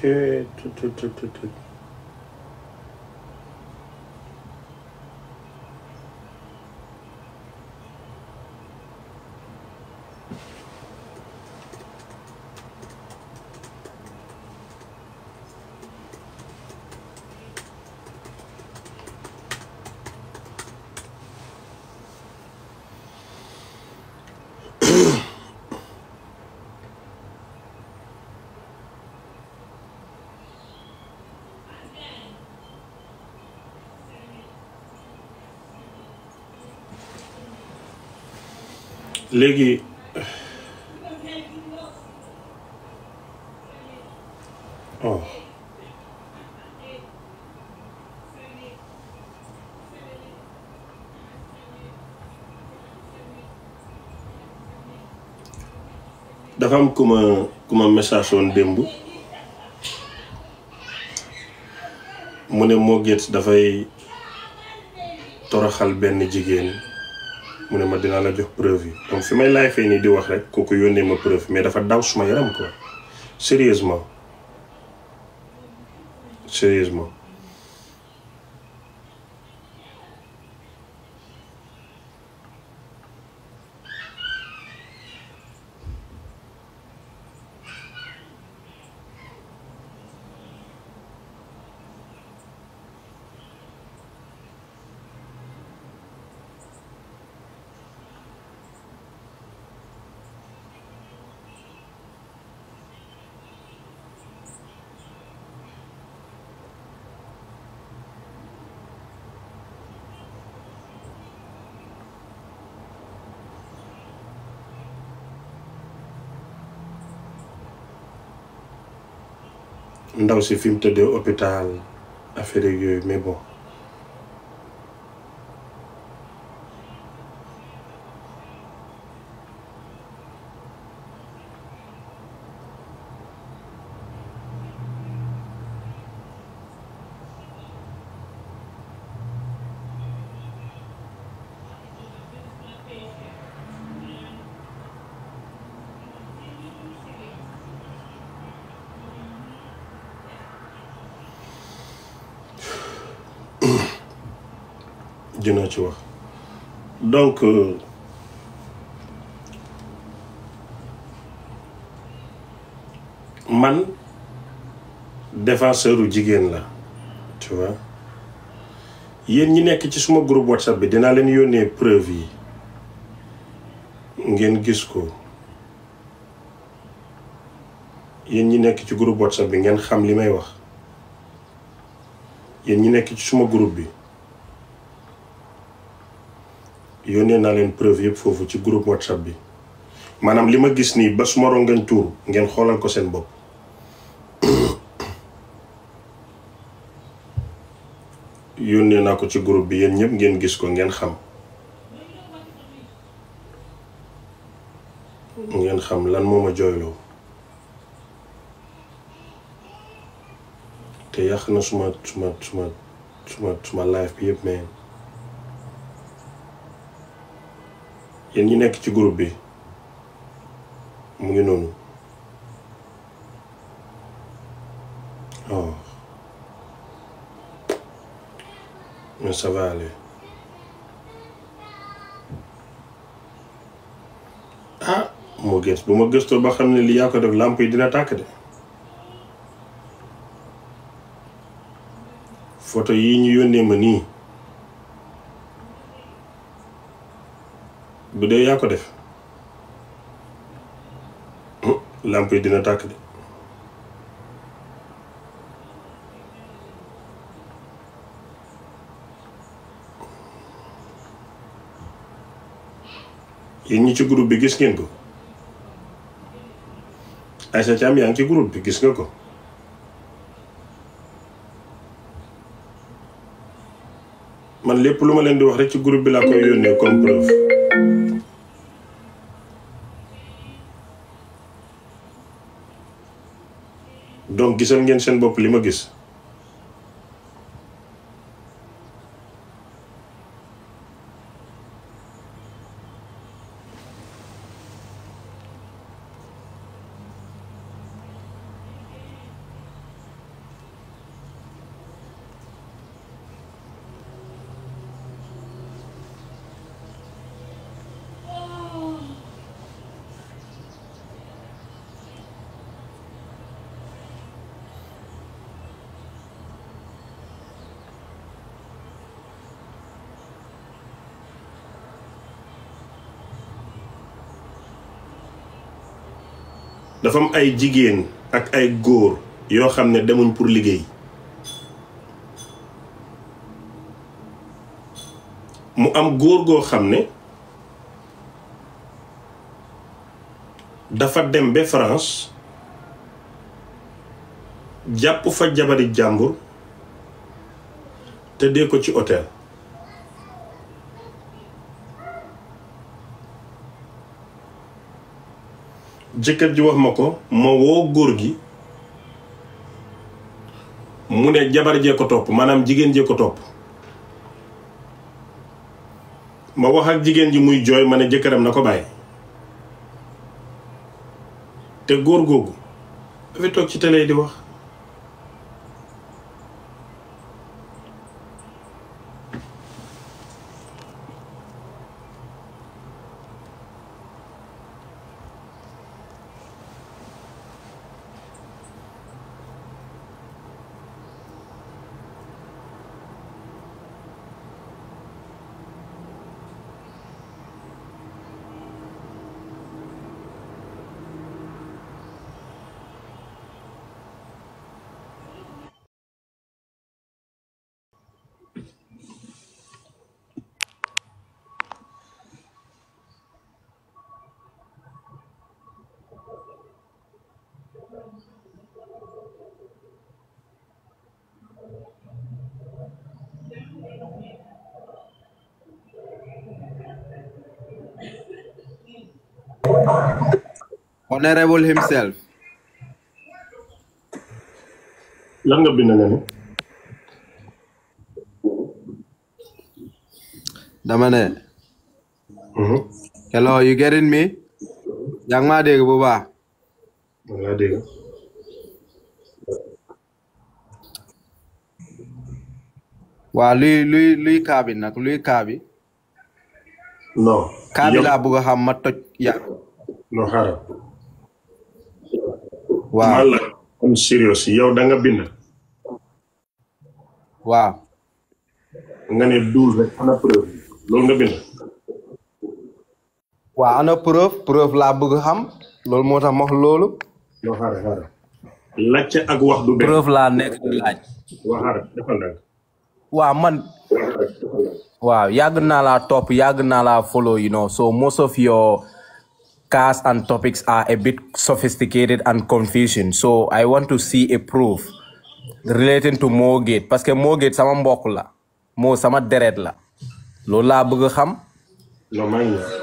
shit. léegi oh dafa am ku ma message woon démb mu ne Mo Gates dafay toroxal benn jigéen mu ne ma dinaa la jox preuve yi donc fi may laay fay nii di wax rek kooku yónnee ma preuve mais dafa daw suma yaram quoi sérieusement sérieusement ndaw filmé fi hôpitaux à hôpital affaire yoy mais bon dinaa ci wax donc euh, man défenseur jigéen la tu yéen ñi nekk ci suma groupe whatsapp bi dinaa leen yónnee preuve yi ngeen gis ko yéen ñi nekk ci groupe whatsapp bi ngeen xam li may wax yéen ñi nekk ci suma groupe bi yónnee naa leen preuve yëpp foofu ci groupe whatsapp bi maanaam li ma gis nii ba su ma rongañ tuur ngeen xoolal ko seen bopp yónnee naa ko ci groupe bi yéen ñëpp ngeen gis ko ngeen xam ngeen xam lan moo ma jooyloo te yàq na suma suma suma suma suma live bi yëpp mais yéen ñi nekk ci groupe bi mu ngi noonu oh mais ça va aller ah moo gës bu ma gëstoo ba xam ne li yaa ko def làmp yi dina tàkk de photo yi ñu yónnee ma nii Bude dee yaa ko def oh, làmp yi dina tàkk de yéen ñi ci groupe bi gis ngeen ko Aïssa Thiam yaa ngi ci groupe bi gis nga ko man lépp lu ma leen di wax rek ci groupe bi laa koy yónnee comme preuve donc gisal ngeen seen bopp li ma gis dafa am ay jigéen ak ay góor yoo xam ne demuñ pour liggéey mu am góor goo xam ne dafa dem ba France jàpp fa jabari jàmbur te dee ko ci hôtel jëkkër ji wax ma ko ma woo góor gi mu ne jabar jee ko topp maanaam jigéen jee ko topp ma wax ak jigéen ji muy jooy ma ne jëkkëram na ko bàyyi te góor googu dafay toog ci télé di wax honorable himself. lan nga bind ne dama ne. Mhm. hello you getting yaa ngi maa dégg bu baax. maa dégg. waa luy luy luy kaabi nag luy kaabi. kaabi laa bëgg a ma toj yaa Nohara. waaw kan iya, kan man la am serious yow da nga bind. waaw. nga ya ne duul rek ana preuve loolu nga bind. waaw ana preuve preuve laa bëgg xam loolu moo tax ma wax loolu. non xaaral xaaral laajte ak wax du benn. preuve laa nekk di laaj. waaw xaaral defal naa waaw man. waaw yàgg naa laa topp yàgg ya naa laa follow you know so most of your. cars and topics are a bit sophisticated and confusing. So I want to see a proof relating to mortgage. parce que Mogate sama mbokk la sama deret Lola loolu laa